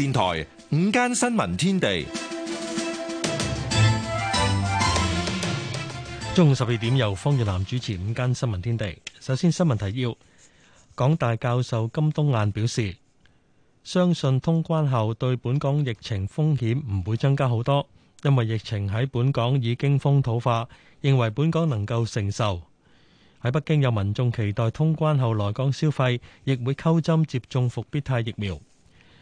電台午間新聞天地，中午十二點由方月南主持午間新聞天地。首先新聞提要：港大教授金冬雁表示，相信通關後對本港疫情風險唔會增加好多，因為疫情喺本港已經風土化，認為本港能夠承受。喺北京有民眾期待通關後來港消費，亦會溝針接種復必泰疫苗。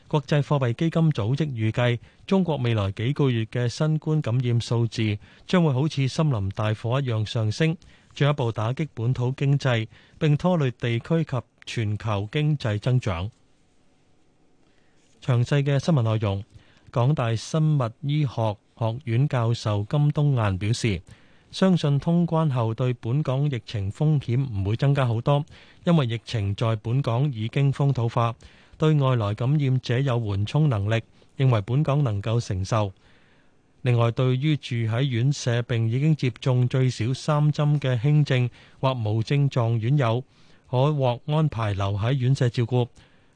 國際貨幣基金組織預計，中國未來幾個月嘅新冠感染數字將會好似森林大火一樣上升，進一步打擊本土經濟並拖累地區及全球經濟增長。詳細嘅新聞內容，港大生物醫學學院教授金冬燕表示：相信通關後對本港疫情風險唔會增加好多，因為疫情在本港已經風土化。對外來感染者有緩衝能力，認為本港能夠承受。另外，對於住喺院舍並已經接種最少三針嘅輕症或無症狀院友，可獲安排留喺院舍照顧。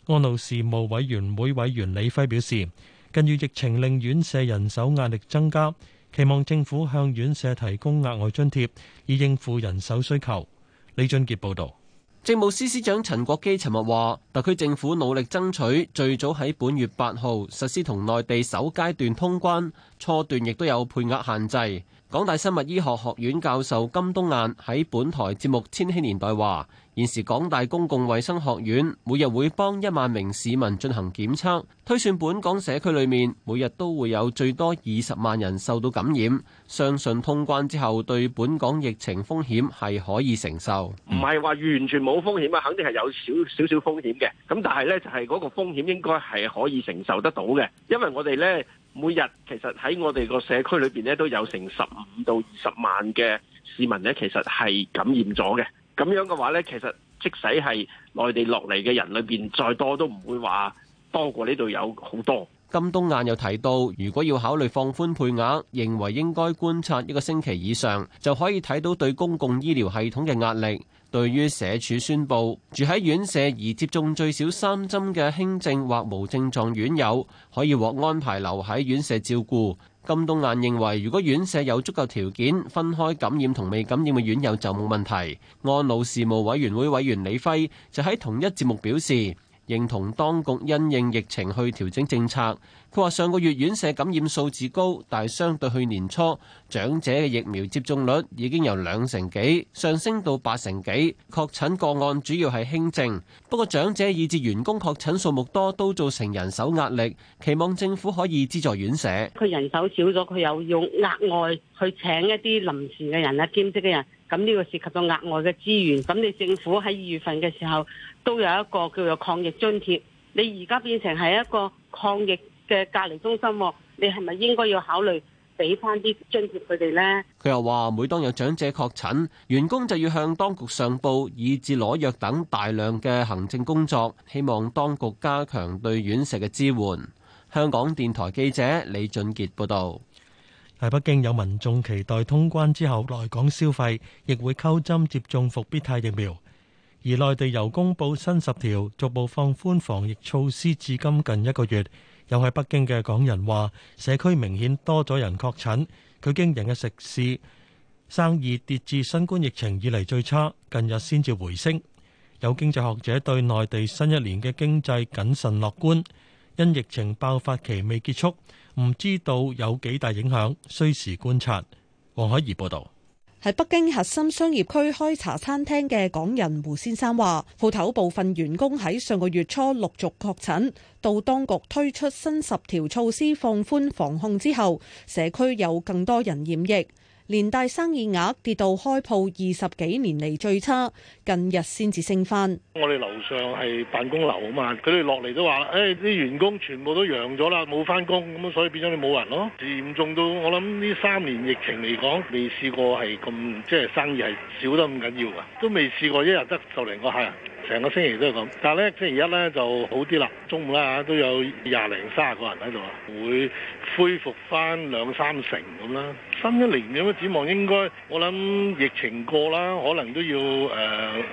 安老事務委員會委員李輝表示，近月疫情令院舍人手壓力增加，期望政府向院舍提供額外津貼，以應付人手需求。李俊傑報導。政務司司長陳國基尋日話，特區政府努力爭取最早喺本月八號實施同內地首階段通關，初段亦都有配額限制。港大生物醫學學院教授金冬雁喺本台節目《千禧年代》話：現時港大公共衛生學院每日會幫一萬名市民進行檢測，推算本港社區裡面每日都會有最多二十萬人受到感染。相信通關之後，對本港疫情風險係可以承受。唔係話完全冇風險啊，肯定係有少少少風險嘅。咁但係咧，就係嗰個風險應該係可以承受得到嘅，因為我哋咧。每日其實喺我哋個社區裏邊呢，都有成十五到二十萬嘅市民呢，其實係感染咗嘅。咁樣嘅話呢，其實即使係內地落嚟嘅人裏邊再多，都唔會話多過呢度有好多。金冬雁又提到，如果要考慮放寬配額，認為應該觀察一個星期以上，就可以睇到對公共醫療系統嘅壓力。對於社署宣布，住喺院舍而接種最少三針嘅輕症或無症狀院友，可以獲安排留喺院舍照顧。金冬雁認為，如果院舍有足夠條件，分開感染同未感染嘅院友就冇問題。安老事務委員會委員李輝就喺同一節目表示，認同當局因應疫情去調整政策。佢話：上個月院舍感染數字高，但係相對去年初，長者嘅疫苗接種率已經由兩成幾上升到八成幾。確診個案主要係輕症，不過長者以至員工確診數目多，都造成人手壓力。期望政府可以資助院舍。佢人手少咗，佢又要額外去請一啲臨時嘅人啊，兼職嘅人。咁呢個涉及到額外嘅資源，咁你政府喺二月份嘅時候都有一個叫做抗疫津貼，你而家變成係一個抗疫嘅隔離中心，你係咪應該要考慮俾翻啲津貼佢哋呢？佢又話，每當有長者確診，員工就要向當局上報，以至攞藥等大量嘅行政工作，希望當局加強對院舍嘅支援。香港電台記者李俊傑報道。喺北京有民眾期待通關之後來港消費，亦會溝針接種復必泰疫苗。而內地由公佈新十條逐步放寬防疫措施至今近一個月，有喺北京嘅港人話社區明顯多咗人確診。佢經營嘅食肆生意跌至新冠疫情以嚟最差，近日先至回升。有經濟學者對內地新一年嘅經濟謹慎樂觀，因疫情爆發期未結束。唔知道有幾大影響，需時觀察。黃海怡報導，喺北京核心商業區開茶餐廳嘅港人胡先生話，鋪頭部分員工喺上個月初陸續確診，到當局推出新十條措施放寬防控之後，社區有更多人染疫。連帶生意額跌到開鋪二十幾年嚟最差，近日先至升翻。我哋樓上係辦公樓啊嘛，佢哋落嚟都話啦，欸、啲員工全部都陽咗啦，冇翻工，咁所以變咗你冇人咯。嚴重到我諗呢三年疫情嚟講，未試過係咁即係生意係少得咁緊要啊，都未試過一日得十零個客人。成個星期都係咁，但係咧星期一咧就好啲啦。中午啦嚇都有廿零卅個人喺度啊，會恢復返兩三成咁啦。新一年咁樣展望，應該我諗疫情過啦，可能都要誒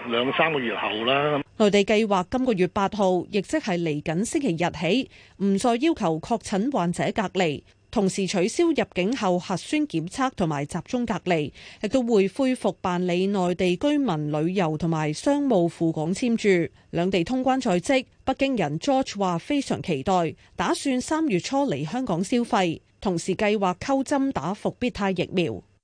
兩三個月後啦。內地計劃今個月八號，亦即係嚟緊星期日起，唔再要求確診患者隔離。同時取消入境後核酸檢測同埋集中隔離，亦都會恢復辦理內地居民旅遊同埋商務赴港簽注，兩地通關在即。北京人 George 話非常期待，打算三月初嚟香港消費，同時計劃溝針打復必泰疫苗。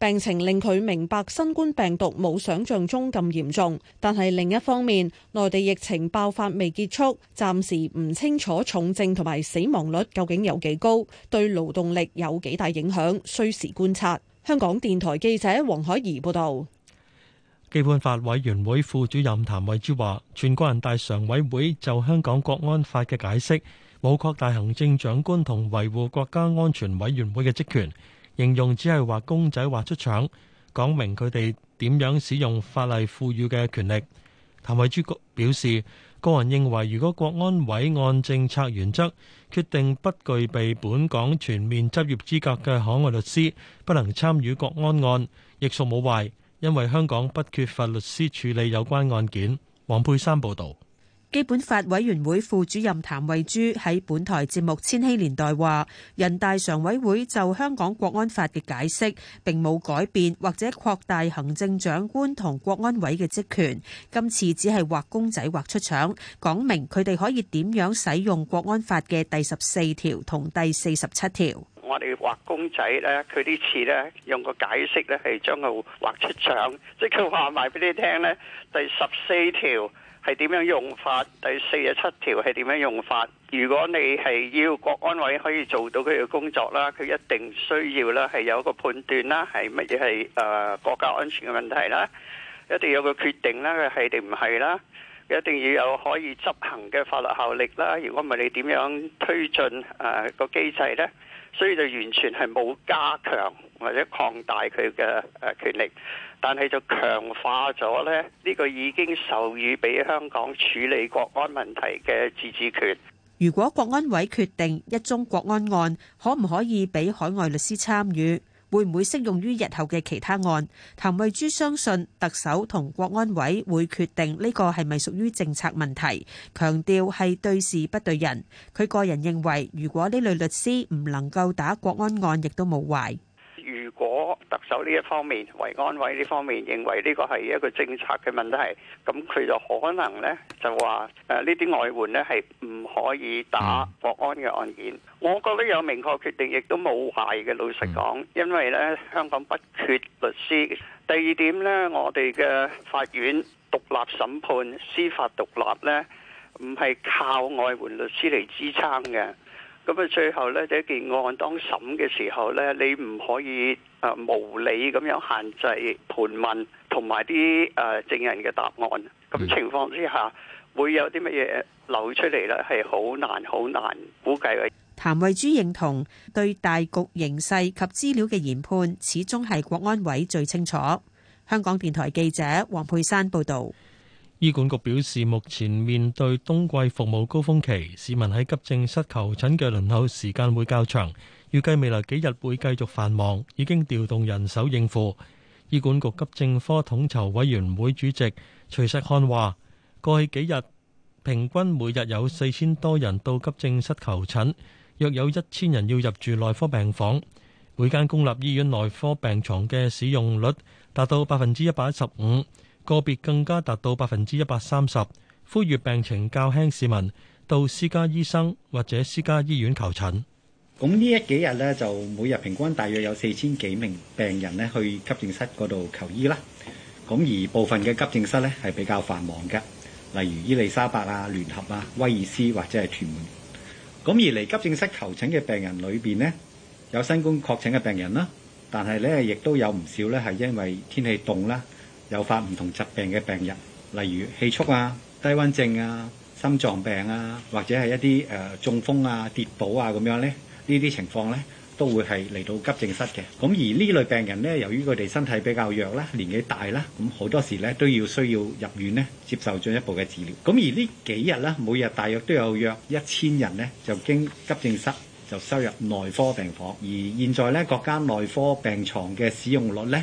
病情令佢明白新冠病毒冇想象中咁嚴重，但係另一方面，內地疫情爆發未結束，暫時唔清楚重症同埋死亡率究竟有幾高，對勞動力有幾大影響，需時觀察。香港電台記者黃海怡報道。基本法委員會副主任譚惠珠話全國人大常委會就香港國安法嘅解釋冇擴大行政長官同維護國家安全委員會嘅職權。形容只係畫公仔畫出腸，講明佢哋點樣使用法例賦予嘅權力。譚慧珠表示，個人認為如果國安委按政策原則決定不具備本港全面執業資格嘅海外律師不能參與國安案，亦屬冇壞，因為香港不缺乏律師處理有關案件。黃佩珊報導。基本法委員會副主任譚慧珠喺本台節目《千禧年代》話，人大常委會就香港國安法嘅解釋並冇改變或者擴大行政長官同國安委嘅職權，今次只係畫公仔畫出腸，講明佢哋可以點樣使用國安法嘅第十四條同第四十七條。我哋畫公仔咧，佢呢次咧，用個解釋咧，係將佢畫出腸，即佢話埋俾你聽咧，第十四條。係點樣用法？第四十七條係點樣用法？如果你係要國安委可以做到佢嘅工作啦，佢一定需要啦，係有一個判斷啦，係乜嘢係誒國家安全嘅問題啦，一定要有一個決定啦，佢係定唔係啦，一定要有可以執行嘅法律效力啦。如果唔係，你點樣推進誒個機制呢？所以就完全係冇加強或者擴大佢嘅誒權力，但係就強化咗咧呢個已經授予俾香港處理國安問題嘅自治權。如果國安委決定一宗國安案，可唔可以俾海外律師參與？會唔會適用於日後嘅其他案？譚慧珠相信特首同國安委會決定呢個係咪屬於政策問題，強調係對事不對人。佢個人認為，如果呢類律師唔能夠打國安案，亦都冇壞。特首呢一方面，維安委呢方面認為呢個係一個政策嘅問題，咁佢就可能呢就話誒呢啲外援呢係唔可以打國安嘅案件。我覺得有明確決定，亦都冇壞嘅。老實講，因為呢香港不缺律師。第二點呢，我哋嘅法院獨立審判、司法獨立呢，唔係靠外援律師嚟支撐嘅。咁啊，最後呢，呢一件案當審嘅時候呢，你唔可以誒無理咁樣限制盤問同埋啲誒證人嘅答案，咁情況之下會有啲乜嘢流出嚟呢，係好難好難估計嘅。譚慧珠認同對大局形勢及資料嘅研判，始終係國安委最清楚。香港電台記者黃佩珊報道。醫管局表示，目前面對冬季服務高峯期，市民喺急症室求診嘅輪候時間會較長，預計未來幾日會繼續繁忙，已經調動人手應付。醫管局急症科統籌委員會主席徐錫漢話，過去幾日平均每日有四千多人到急症室求診，約有一千人要入住內科病房，每間公立醫院內科病牀嘅使用率達到百分之一百一十五。個別更加達到百分之一百三十，呼籲病情較輕市民到私家醫生或者私家醫院求診。咁呢一幾日呢，就每日平均大約有四千幾名病人呢去急症室嗰度求醫啦。咁而部分嘅急症室呢，係比較繁忙嘅，例如伊利沙白啊、聯合啊、威爾斯或者係屯門。咁而嚟急症室求診嘅病人裏邊呢，有新冠確診嘅病人啦，但係呢亦都有唔少呢，係因為天氣凍啦。有發唔同疾病嘅病人，例如氣促啊、低温症啊、心臟病啊，或者係一啲誒、呃、中風啊、跌倒啊咁樣咧，呢啲情況呢，都會係嚟到急症室嘅。咁而呢類病人呢，由於佢哋身體比較弱啦，年紀大啦，咁好多時呢都要需要入院呢接受進一步嘅治療。咁而呢幾日呢，每日大約都有約一千人呢就經急症室就收入內科病房，而現在呢，各間內科病床嘅使用率呢，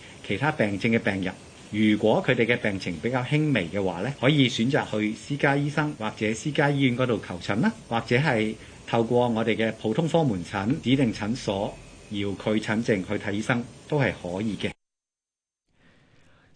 其他病症嘅病人，如果佢哋嘅病情比較輕微嘅話，咧，可以選擇去私家醫生或者私家醫院嗰度求診啦，或者係透過我哋嘅普通科門診指定診所遙距診症去睇醫生都係可以嘅。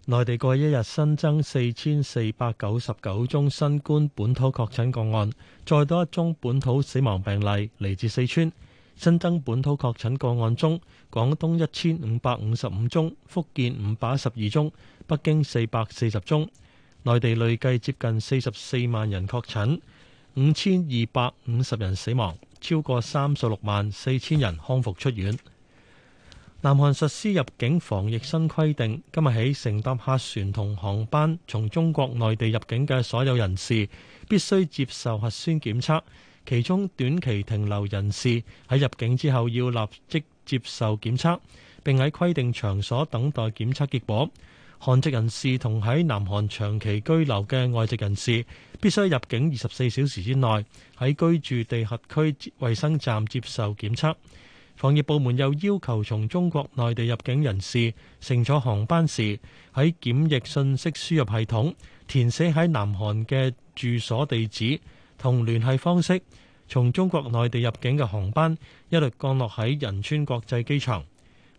內地過一日新增四千四百九十九宗新冠本土確診個案，再多一宗本土死亡病例嚟自四川。新增本土確診個案中，廣東一千五百五十五宗，福建五百一十二宗，北京四百四十宗。內地累計接近四十四萬人確診，五千二百五十人死亡，超過三十六萬四千人康復出院。南韓實施入境防疫新規定，今日起乘搭客船同航班從中國內地入境嘅所有人士，必須接受核酸檢測。其中短期停留人士喺入境之後要立即接受檢測，並喺規定場所等待檢測結果。韓籍人士同喺南韓長期居留嘅外籍人士必須入境二十四小時之內喺居住地轄區衛生站接受檢測，防疫部門又要求從中國內地入境人士乘坐航班時喺檢疫信息輸入系統填寫喺南韓嘅住所地址。同聯繫方式，從中國內地入境嘅航班一律降落喺仁川國際機場。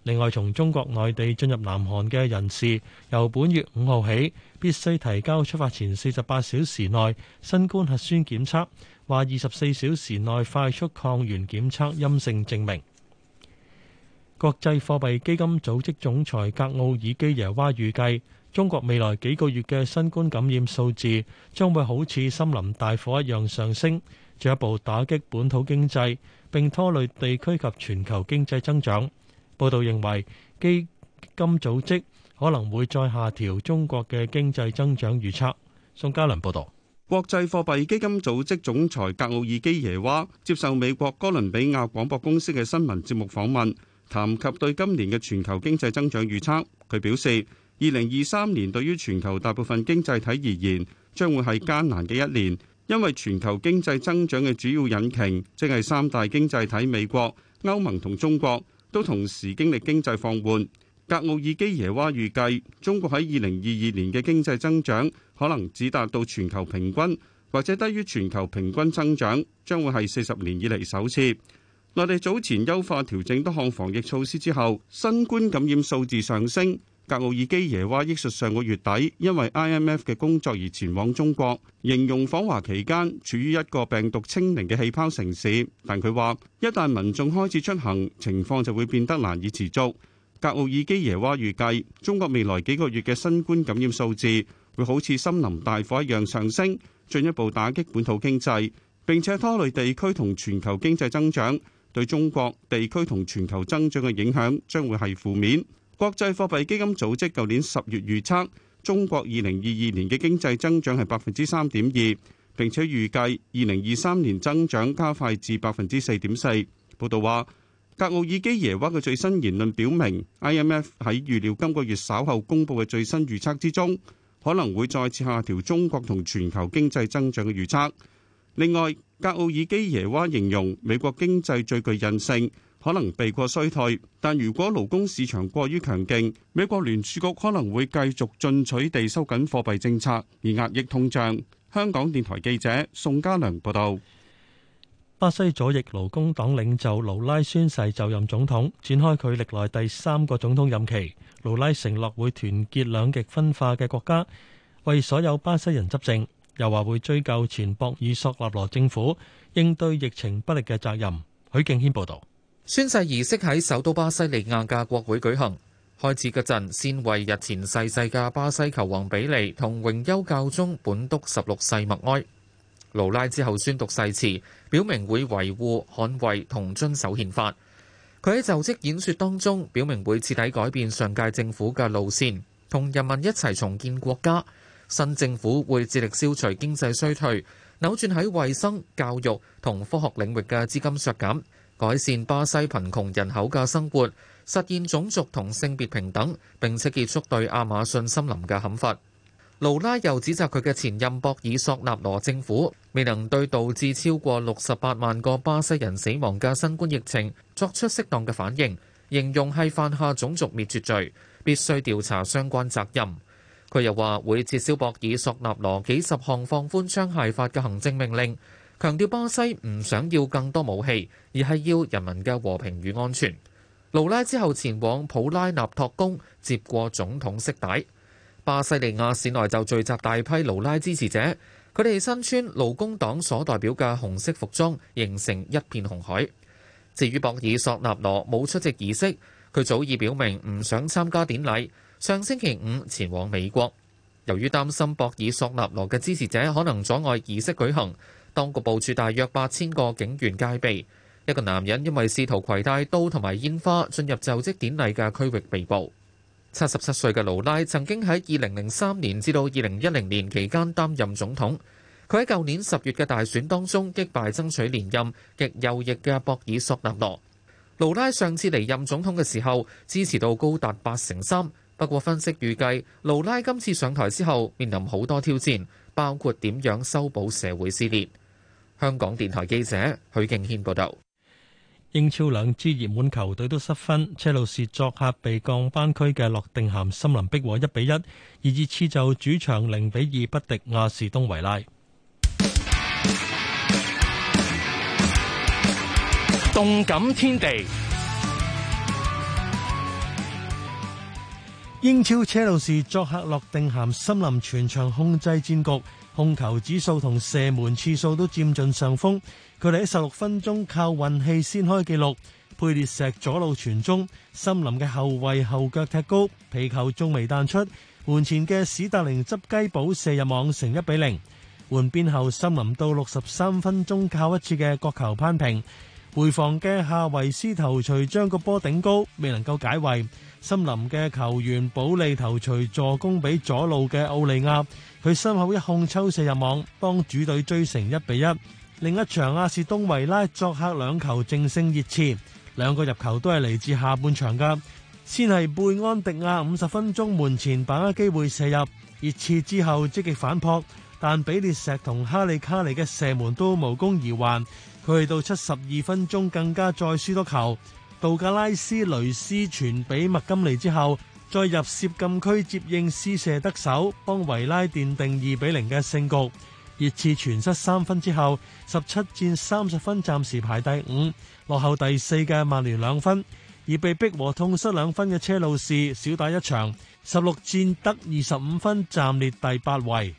另外，從中國內地進入南韓嘅人士，由本月五號起必須提交出發前四十八小時內新冠核酸檢測，或二十四小時內快速抗原檢測陰性證明。國際貨幣基金組織總裁格奧爾基耶娃預計，中國未來幾個月嘅新冠感染數字將會好似森林大火一樣上升，進一步打擊本土經濟，並拖累地區及全球經濟增長。報道認為，基金組織可能會再下調中國嘅經濟增長預測。宋嘉倫報道，國際貨幣基金組織總裁格奧爾基耶娃接受美國哥倫比亞廣播公司嘅新聞節目訪問，談及對今年嘅全球經濟增長預測，佢表示。二零二三年對於全球大部分經濟體而言，將會係艱難嘅一年，因為全球經濟增長嘅主要引擎，即係三大經濟體美國、歐盟同中國，都同時經歷經濟放緩。格奧爾基耶娃預計，中國喺二零二二年嘅經濟增長可能只達到全球平均，或者低於全球平均增長，將會係四十年以嚟首次。內地早前優化調整多項防疫措施之後，新冠感染數字上升。格奧爾基耶娃憶述：「上個月底因為 IMF 嘅工作而前往中國，形容訪華期間處於一個病毒清零嘅氣泡城市。但佢話，一旦民眾開始出行，情況就會變得難以持續。格奧爾基耶娃預計，中國未來幾個月嘅新冠感染數字會好似森林大火一樣上升，進一步打擊本土經濟，並且拖累地區同全球經濟增長。對中國地區同全球增長嘅影響將會係負面。國際貨幣基金組織舊年十月預測中國二零二二年嘅經濟增長係百分之三點二，並且預計二零二三年增長加快至百分之四點四。報道話，格奧爾基耶娃嘅最新言論表明，IMF 喺預料今個月稍後公布嘅最新預測之中，可能會再次下調中國同全球經濟增長嘅預測。另外，格奧爾基耶娃形容美國經濟最具韌性。可能避過衰退，但如果勞工市場過於強勁，美國聯儲局可能會繼續進取地收緊貨幣政策，而壓抑通脹。香港電台記者宋家良報道。巴西左翼勞工黨領袖盧拉宣誓就任總統，展開佢歷來第三個總統任期。盧拉承諾會團結兩極分化嘅國家，為所有巴西人執政，又話會追究前博爾索納羅政府應對疫情不力嘅責任。許敬軒報道。宣誓儀式喺首都巴西利亞嘅國會舉行，開始嗰陣先為日前逝世嘅巴西球王比利同榮休教宗本篤十六世默哀。盧拉之後宣讀誓詞，表明會維護捍衛同遵守憲法。佢喺就職演說當中表明會徹底改變上屆政府嘅路線，同人民一齊重建國家。新政府會致力消除經濟衰退，扭轉喺衛生、教育同科學領域嘅資金削減。改善巴西貧窮人口嘅生活，實現種族同性別平等，並且結束對亞馬遜森林嘅砍伐。盧拉又指責佢嘅前任博爾索納羅政府未能對導致超過六十八萬個巴西人死亡嘅新冠疫情作出適當嘅反應，形容係犯下種族滅絕罪，必須調查相關責任。佢又話會撤銷博爾索納羅幾十項放寬槍械法嘅行政命令。強調巴西唔想要更多武器，而係要人民嘅和平與安全。盧拉之後前往普拉納托宮，接過總統色帶。巴西利亞市內就聚集大批盧拉支持者，佢哋身穿勞工黨所代表嘅紅色服裝，形成一片紅海。至於博爾索納羅冇出席儀式，佢早已表明唔想參加典禮。上星期五前往美國，由於擔心博爾索納羅嘅支持者可能阻礙儀式舉行。當局部署大約八千個警員戒備。一個男人因為試圖携帶刀同埋煙花進入就職典禮嘅區域被捕。七十七歲嘅盧拉曾經喺二零零三年至到二零一零年期間擔任總統。佢喺舊年十月嘅大選當中擊敗爭取連任極右翼嘅博爾索納羅。盧拉上次離任總統嘅時候支持度高達八成三。不過，分析預計盧拉今次上台之後面臨好多挑戰，包括點樣修補社會撕裂。香港電台記者許敬軒報道：英超兩支熱門球隊都失分，車路士作客被降班區嘅洛定咸森林逼和一比一，而熱刺就主場零比二不敵亞士東維拉。動感天地，英超車路士作客洛定咸森林全場控制戰局。控球指數同射門次數都佔盡上風，佢哋喺十六分鐘靠運氣先開記錄。佩列石左路傳中，森林嘅後衛後腳踢高，皮球仲未彈出，門前嘅史達寧執雞補射入網，成一比零。換邊後，森林到六十三分鐘靠一次嘅角球扳平。回防嘅夏維斯頭錘將個波頂高，未能夠解圍。森林嘅球員保利頭錘助攻俾左路嘅奧利亞，佢身後一控抽射入網，幫主隊追成一比一。另一場阿士東維拉作客兩球淨勝熱刺，兩個入球都係嚟自下半場噶。先係貝安迪亞五十分鐘門前把握機會射入，熱刺之後積極反撲，但比列石同哈利卡尼嘅射門都無功而還。佢去到七十二分鐘更加再輸多球，杜格拉斯雷斯傳俾麥金尼之後，再入涉禁區接應施射得手，幫維拉奠定二比零嘅勝局。熱刺全失三分之後，十七戰三十分，暫時排第五，落後第四嘅曼聯兩分，而被逼和痛失兩分嘅車路士少打一場，十六戰得二十五分，暫列第八位。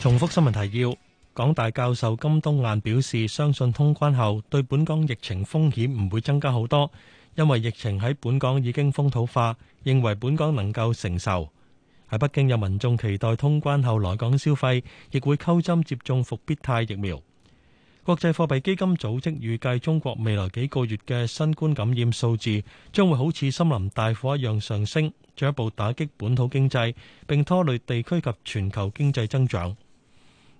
重複新聞提要。港大教授金冬雁表示，相信通關後對本港疫情風險唔會增加好多，因為疫情喺本港已經風土化，認為本港能夠承受。喺北京有民眾期待通關後來港消費，亦會溝針接種復必泰疫苗。國際貨幣基金組織預計中國未來幾個月嘅新冠感染數字將會好似森林大火一樣上升，進一步打擊本土經濟並拖累地區及全球經濟增長。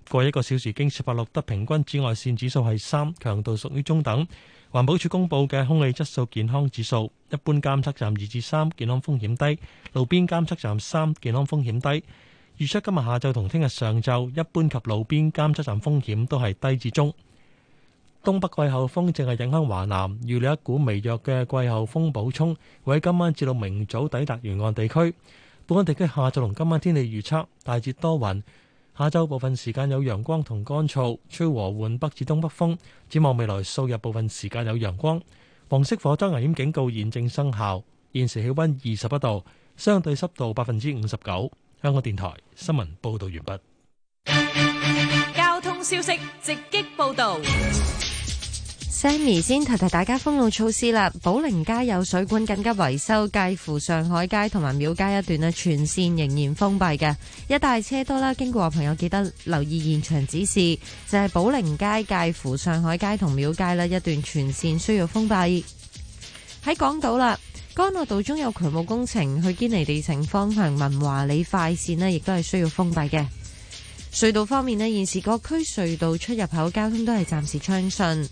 過一個小時，京士柏錄得平均紫外線指數係三，強度屬於中等。環保署公布嘅空氣質素健康指數，一般監測站二至三，健康風險低；路邊監測站三，健康風險低。預測今日下晝同聽日上晝，一般及路邊監測站風險都係低至中。東北季候風淨係影響華南，預料一股微弱嘅季候風補充會喺今晚至到明早抵達沿岸地區。本港地區下晝同今晚天氣預測，大致多雲。下晝部分時間有陽光同乾燥，吹和緩北至東北風。展望未來數日部分時間有陽光。黃色火災危險警告現正生效。現時氣溫二十一度，相對濕度百分之五十九。香港電台新聞報道完畢。交通消息直擊報道。Sammy 先提提大家封路措施啦。寶靈街有水管緊急維修，介乎上海街同埋廟街一段呢全線仍然封閉嘅。一帶車多啦，經過朋友記得留意現場指示，就係寶靈街介乎上海街同廟街呢一段全線需要封閉。喺港島啦，干諾道中有渠務工程，去堅尼地城方向文華里快線呢亦都係需要封閉嘅。隧道方面呢，現時各區隧道出入口交通都係暫時暢順。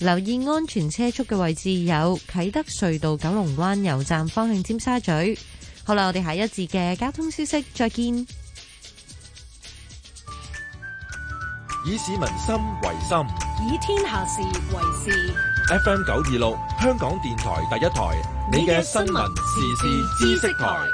留意安全車速嘅位置有啟德隧道九龍灣油站方向尖沙咀。好啦，我哋下一節嘅交通消息再見。以市民心為心，以天下事為事。FM 九二六，香港電台第一台，你嘅新聞時事知識台。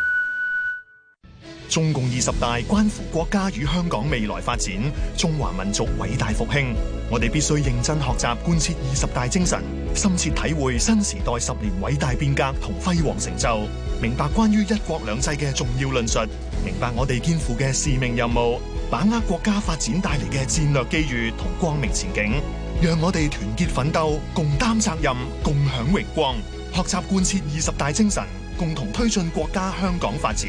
中共二十大關乎國家與香港未來發展，中華民族偉大復興。我哋必須認真學習貫徹二十大精神，深切體會新時代十年偉大變革同輝煌成就，明白關於一國兩制嘅重要論述，明白我哋肩負嘅使命任務，把握國家發展帶嚟嘅戰略機遇同光明前景，讓我哋團結奮鬥，共擔責任，共享榮光，學習貫徹二十大精神，共同推進國家香港發展。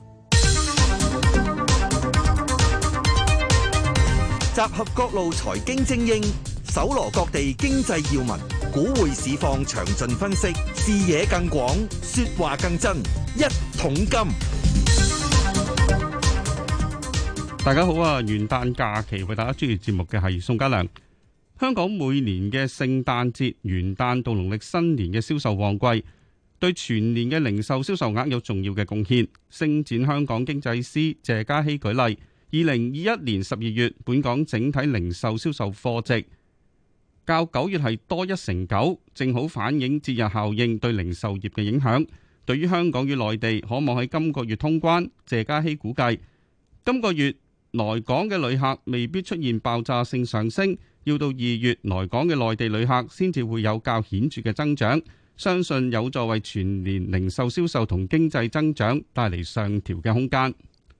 集合各路財經精英，搜羅各地經濟要聞，股匯市況詳盡分析，視野更廣，說話更真，一桶金。大家好啊！元旦假期為大家主持節目嘅係宋嘉良。香港每年嘅聖誕節、元旦到農曆新年嘅銷售旺季，對全年嘅零售銷售額有重要嘅貢獻。星展香港經濟師謝嘉熙舉例。二零二一年十二月，本港整體零售銷售貨值較九月係多一成九，正好反映節日效應對零售業嘅影響。對於香港與內地，可望喺今個月通關。謝嘉熙估計，今個月來港嘅旅客未必出現爆炸性上升，要到二月來港嘅內地旅客先至會有較顯著嘅增長。相信有助為全年零售銷售同經濟增長帶嚟上調嘅空間。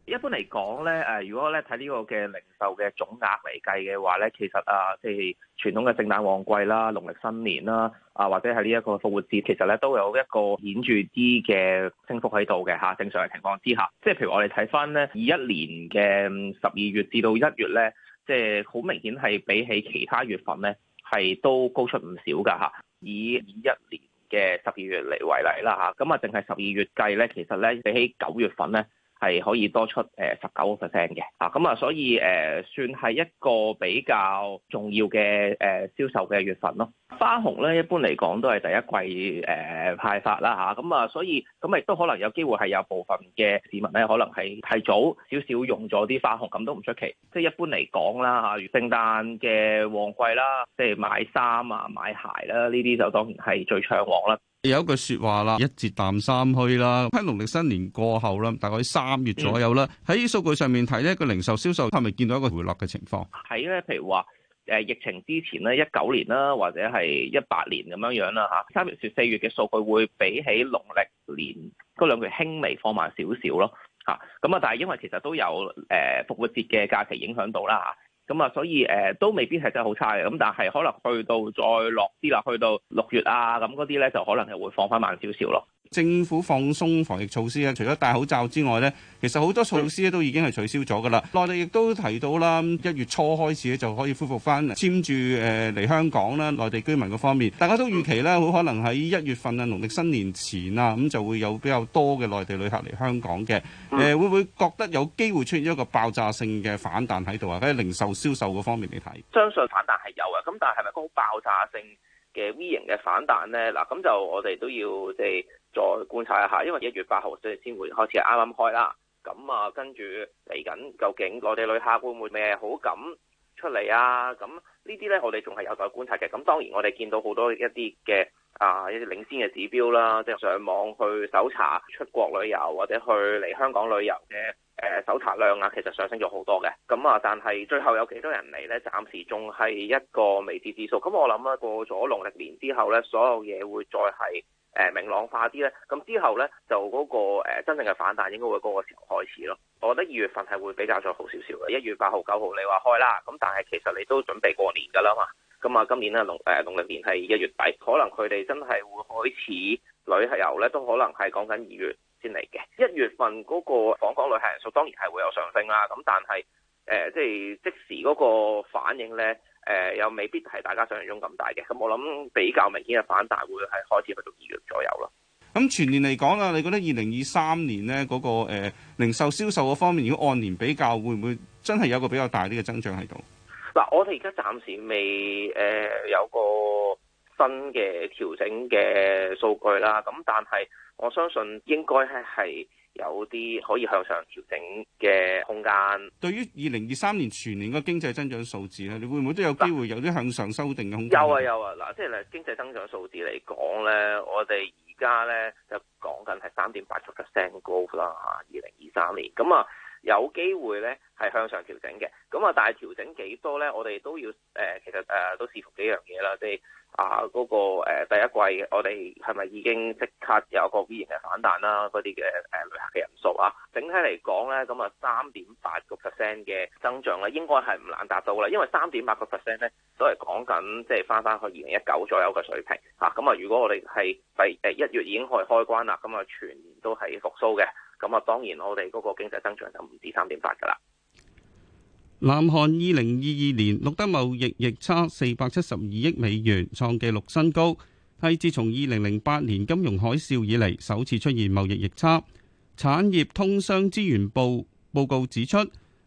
一般嚟講咧，誒，如果咧睇呢個嘅零售嘅總額嚟計嘅話咧，其實啊，即係傳統嘅聖誕旺季啦、農曆新年啦，啊，或者係呢一個復活節，其實咧都有一個顯著啲嘅升幅喺度嘅嚇。正常嘅情況之下，即係譬如我哋睇返咧，二一年嘅十二月至到一月咧，即係好明顯係比起其他月份咧，係都高出唔少㗎嚇。以二一年嘅十二月嚟為例啦嚇，咁啊，淨係十二月計咧，其實咧比起九月份咧，係可以多出誒十九個 percent 嘅啊，咁啊，所以誒、呃、算係一個比較重要嘅誒、呃、銷售嘅月份咯。花紅咧一般嚟講都係第一季誒、呃、派發啦嚇，咁啊，所以咁亦都可能有機會係有部分嘅市民咧，可能係提早少少用咗啲花紅，咁都唔出奇。即係一般嚟講啦嚇，如聖誕嘅旺季啦，即係買衫啊、買鞋啦，呢啲就當然係最暢旺啦。有一句説話啦，一節淡三虛啦。喺農曆新年過後啦，大概三月左右啦，喺、嗯、數據上面睇呢個零售銷售係咪見到一個回落嘅情況？喺咧，譬如話誒、呃、疫情之前咧，一九年啦，或者係一八年咁樣樣啦嚇。三、啊、月至四月嘅數據會比起農曆年嗰兩月輕微放慢少少咯嚇。咁啊，但係因為其實都有誒、呃、復活節嘅假期影響到啦嚇。啊咁啊，所以誒、呃、都未必係真係好差嘅。咁但係可能去到再落啲啦，去到六月啊，咁嗰啲咧就可能係會放翻慢少少咯。政府放鬆防疫措施咧，除咗戴口罩之外咧，其實好多措施都已經係取消咗噶啦。嗯、內地亦都提到啦，一月初開始就可以恢復翻簽住誒嚟香港啦。內地居民嘅方面，大家都預期咧，好、嗯、可能喺一月份啊，農曆新年前啊，咁就會有比較多嘅內地旅客嚟香港嘅。誒、嗯，會唔會覺得有機會出現一個爆炸性嘅反彈喺度啊？喺零售銷售嘅方面嚟睇，相信反彈係有嘅，咁但係係咪一個爆炸性嘅 V 型嘅反彈呢？嗱，咁就我哋都要即再觀察一下，因為一月八號先先會開始啱啱開啦，咁啊跟住嚟緊究竟我哋旅客會唔會咩好感出嚟啊？咁呢啲呢，我哋仲係有待觀察嘅。咁當然我哋見到好多一啲嘅啊一啲領先嘅指標啦，即係上網去搜查出國旅遊或者去嚟香港旅遊嘅誒搜查量啊，其實上升咗好多嘅。咁啊，但係最後有幾多人嚟呢？暫時仲係一個未知之數。咁我諗啊，過咗農曆年之後呢，所有嘢會再係誒明朗化啲咧，咁之後咧就嗰個誒真正嘅反彈應該會嗰個時候開始咯。我覺得二月份係會比較再好少少嘅。一月八號九號你話開啦，咁但係其實你都準備過年㗎啦嘛。咁啊，今年啊農誒、呃、農曆年係一月底，可能佢哋真係會開始旅遊咧，都可能係講緊二月先嚟嘅。一月份嗰個訪港旅客人數當然係會有上升啦，咁但係誒、呃、即係即即時嗰個反應咧。誒，又、呃、未必係大家想象中咁大嘅，咁、嗯、我諗比較明顯嘅反彈會係開始去到二月左右咯。咁全年嚟講啦，你覺得二零二三年呢嗰、那個誒、呃、零售銷售嗰方面，如果按年比較，會唔會真係有個比較大啲嘅增長喺度？嗱，我哋而家暫時未誒、呃、有個新嘅調整嘅數據啦，咁但係我相信應該係係。有啲可以向上調整嘅空間。對於二零二三年全年嘅經濟增長數字咧，你會唔會都有機會有啲向上修訂嘅空間？有啊有啊，嗱、就是，即係咧經濟增長數字嚟講咧，我哋而家咧就講緊係三點八 percent growth 啦。吓，二零二三年咁啊，有機會咧。係向上調整嘅，咁啊，但係調整幾多咧？我哋都要誒、呃，其實誒、呃、都視乎幾樣嘢啦，即係啊嗰、那個、呃、第一季我哋係咪已經即刻有一個 V 型嘅反彈啦、啊？嗰啲嘅誒旅客嘅人數啊，整體嚟講咧，咁啊，三點八個 percent 嘅增長咧，應該係唔難達到啦，因為三點八個 percent 咧，都係講緊即係翻翻去二零一九左右嘅水平嚇。咁啊，如果我哋係第誒一月已經可以開關啦，咁啊，全年都係復甦嘅，咁啊，當然我哋嗰個經濟增長就唔止三點八噶啦。南韓二零二二年錄得貿易逆差四百七十二億美元，創紀錄新高，係自從二零零八年金融海嘯以嚟首次出現貿易逆差。產業通商資源部報告指出，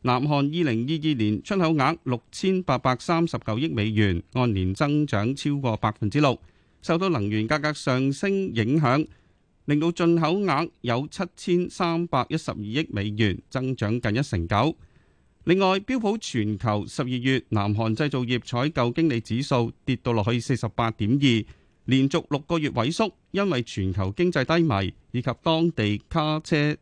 南韓二零二二年出口額六千八百三十九億美元，按年增長超過百分之六，受到能源價格上升影響，令到進口額有七千三百一十二億美元，增長近一成九。另外，標普全球十二月南韓製造業採購經理指數跌到落去四十八點二，連續六個月萎縮，因為全球經濟低迷以及當地卡車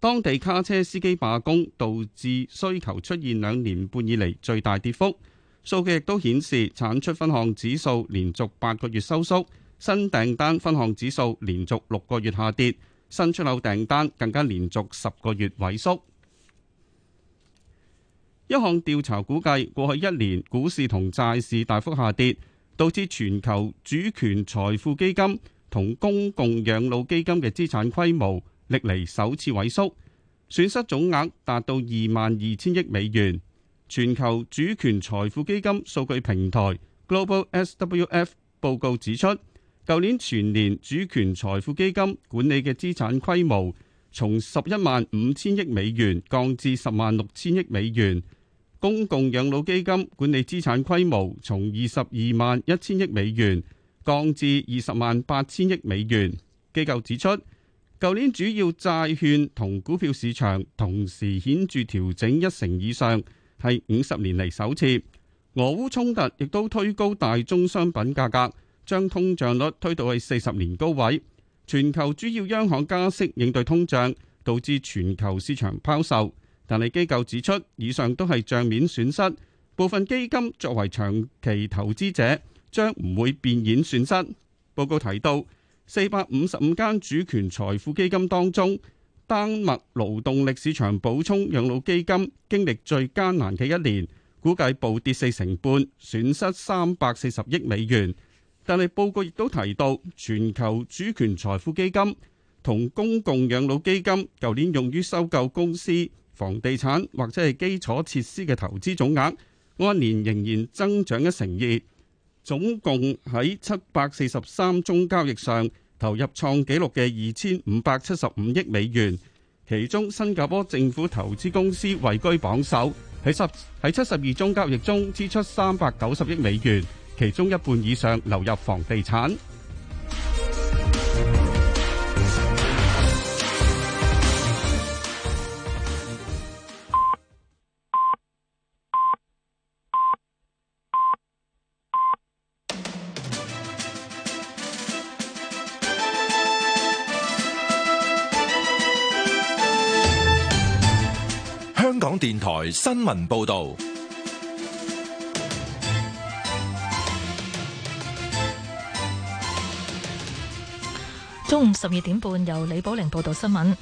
當地卡車司機罷工，導致需求出現兩年半以嚟最大跌幅。數據亦都顯示產出分項指數連續八個月收縮，新訂單分項指數連續六個月下跌，新出口訂單更加連續十個月萎縮。一項調查估計，過去一年股市同債市大幅下跌，導致全球主權財富基金同公共養老基金嘅資產規模歷嚟首次萎縮，損失總額達到二萬二千億美元。全球主權財富基金數據平台 Global SWF 報告指出，舊年全年主權財富基金管理嘅資產規模從十一萬五千億美元降至十萬六千億美元。公共養老基金管理資產規模從二十二萬一千億美元降至二十萬八千億美元。機構指出，舊年主要債券同股票市場同時顯著調整一成以上，係五十年嚟首次。俄烏衝突亦都推高大宗商品價格，將通脹率推到去四十年高位。全球主要央行加息應對通脹，導致全球市場拋售。但係機構指出，以上都係賬面損失，部分基金作為長期投資者將唔會變現損失。報告提到，四百五十五間主權財富基金當中，丹麥勞動力市場補充養老基金經歷最艱難嘅一年，估計暴跌四成半，損失三百四十億美元。但係報告亦都提到，全球主權財富基金同公共養老基金舊年用於收購公司，房地產或者係基礎設施嘅投資總額按年仍然增長一成二，總共喺七百四十三宗交易上投入創紀錄嘅二千五百七十五億美元。其中新加坡政府投資公司位居榜首，喺十喺七十二宗交易中支出三百九十億美元，其中一半以上流入房地產。電台新聞報道。中午十二點半，由李寶玲報道新聞。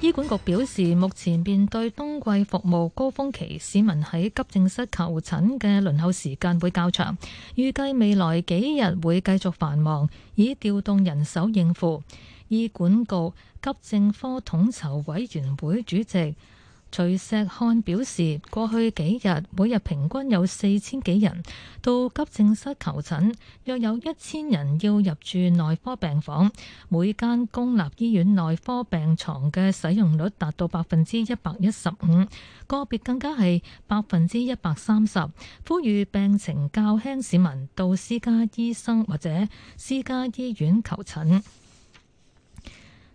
醫管局表示，目前面對冬季服務高峰期，市民喺急症室求診嘅輪候時間會較長，預計未來幾日會繼續繁忙，以調動人手應付。醫管局急症科統籌委員會主席，徐石漢表示，過去幾日每日平均有四千幾人到急症室求診，約有一千人要入住內科病房，每間公立醫院內科病床嘅使用率達到百分之一百一十五，個別更加係百分之一百三十，呼籲病情較輕市民到私家醫生或者私家醫院求診。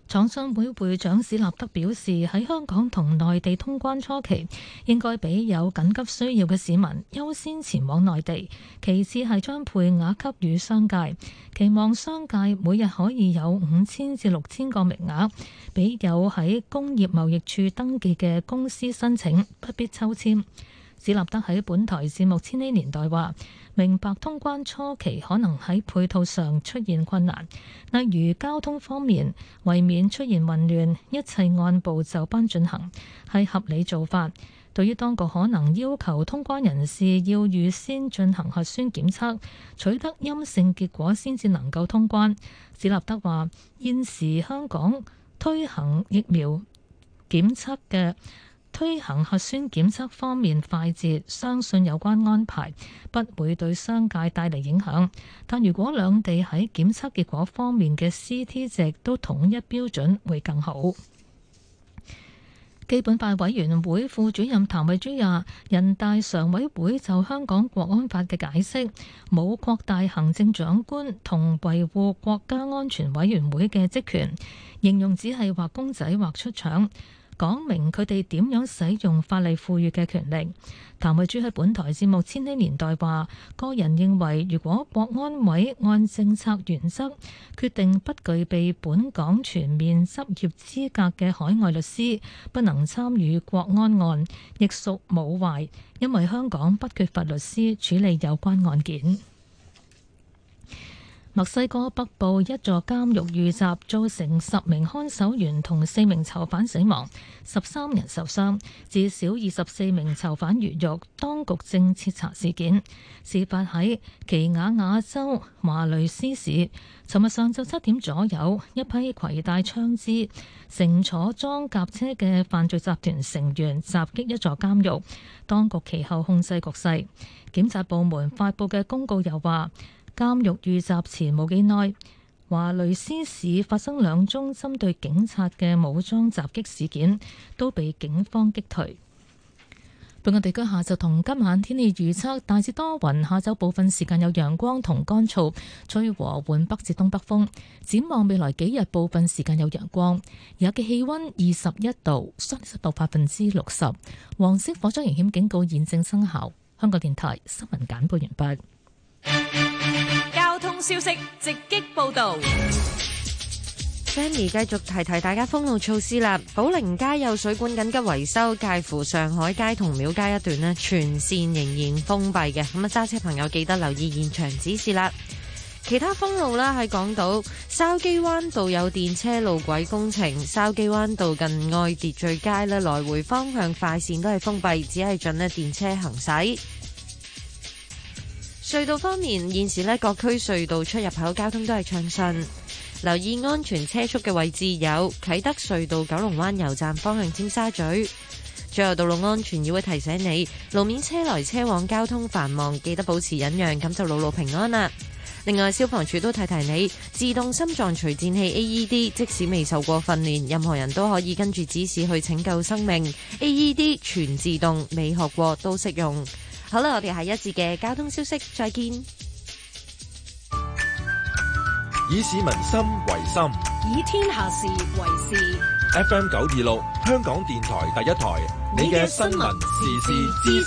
廠商會會長史立德表示，喺香港同內地通關初期，應該俾有緊急需要嘅市民優先前往內地，其次係將配額給予商界，期望商界每日可以有五千至六千個名額，俾有喺工業貿易處登記嘅公司申請，不必抽簽。史立德喺本台節目《千禧年代》話：明白通關初期可能喺配套上出現困難，例如交通方面，為免出現混亂，一切按部就班進行係合理做法。對於當局可能要求通關人士要預先進行核酸檢測，取得陰性結果先至能夠通關，史立德話：現時香港推行疫苗檢測嘅。推行核酸檢測方面快捷，相信有關安排不會對商界帶嚟影響，但如果兩地喺檢測結果方面嘅 CT 值都統一標準，會更好。基本法委員會副主任譚慧珠亞，人大常委會就香港國安法嘅解釋，冇擴大行政長官同維護國家安全委員會嘅職權，形容只係畫公仔畫出腸。講明佢哋點樣使用法例賦予嘅權力。譚慧珠喺本台節目《千禧年代》話：個人認為，如果國安委按政策原則決定不具備本港全面執業資格嘅海外律師，不能參與國安案，亦屬冇壞，因為香港不缺乏律師處理有關案件。墨西哥北部一座監獄遇襲，造成十名看守員同四名囚犯死亡，十三人受傷，至少二十四名囚犯越獄，當局正徹查事件。事發喺奇雅雅州華雷斯市，尋日上晝七點左右，一批攜帶槍支、乘坐裝甲車嘅犯罪集團成員襲擊一座監獄，當局其後控制局勢，檢察部門發布嘅公告又話。監獄遇襲前冇幾耐，華雷斯市發生兩宗針對警察嘅武裝襲擊事件，都被警方擊退。本港地區下晝同今晚天氣預測大致多雲，下晝部分時間有陽光同乾燥，吹和緩北至東北風。展望未來幾日，部分時間有陽光，日嘅氣溫二十一度，相對濕度百分之六十，黃色火災危險警告現正生效。香港電台新聞簡報完畢。 消息直擊報道 Sammy 繼續提提大家封路措施啦。寶靈街有水管緊急維修，介乎上海街同廟街一段呢，全線仍然封閉嘅。咁啊，揸車朋友記得留意現場指示啦。其他封路咧喺港島筲箕灣道有電車路軌工程，筲箕灣道近愛秩序街呢，來回方向快線都係封閉，只係准咧電車行駛。隧道方面，現時咧各區隧道出入口交通都係暢順。留意安全車速嘅位置有啟德隧道、九龍灣油站方向尖沙咀。最後道路安全要會提醒你，路面車來車往，交通繁忙，記得保持忍讓，咁就路路平安啦。另外，消防處都提提你，自動心臟除顫器 AED，即使未受過訓練，任何人都可以跟住指示去拯救生命。AED 全自動，未學過都適用。好啦，我哋下一節嘅交通消息，再見。以市民心為心，以天下事為事。FM 九二六，香港電台第一台，你嘅新聞時事資訊。